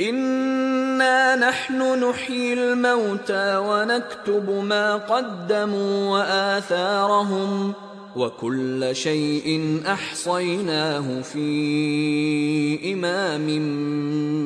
إنا نحن نحيي الموتى ونكتب ما قدموا وآثارهم وكل شيء أحصيناه في إمام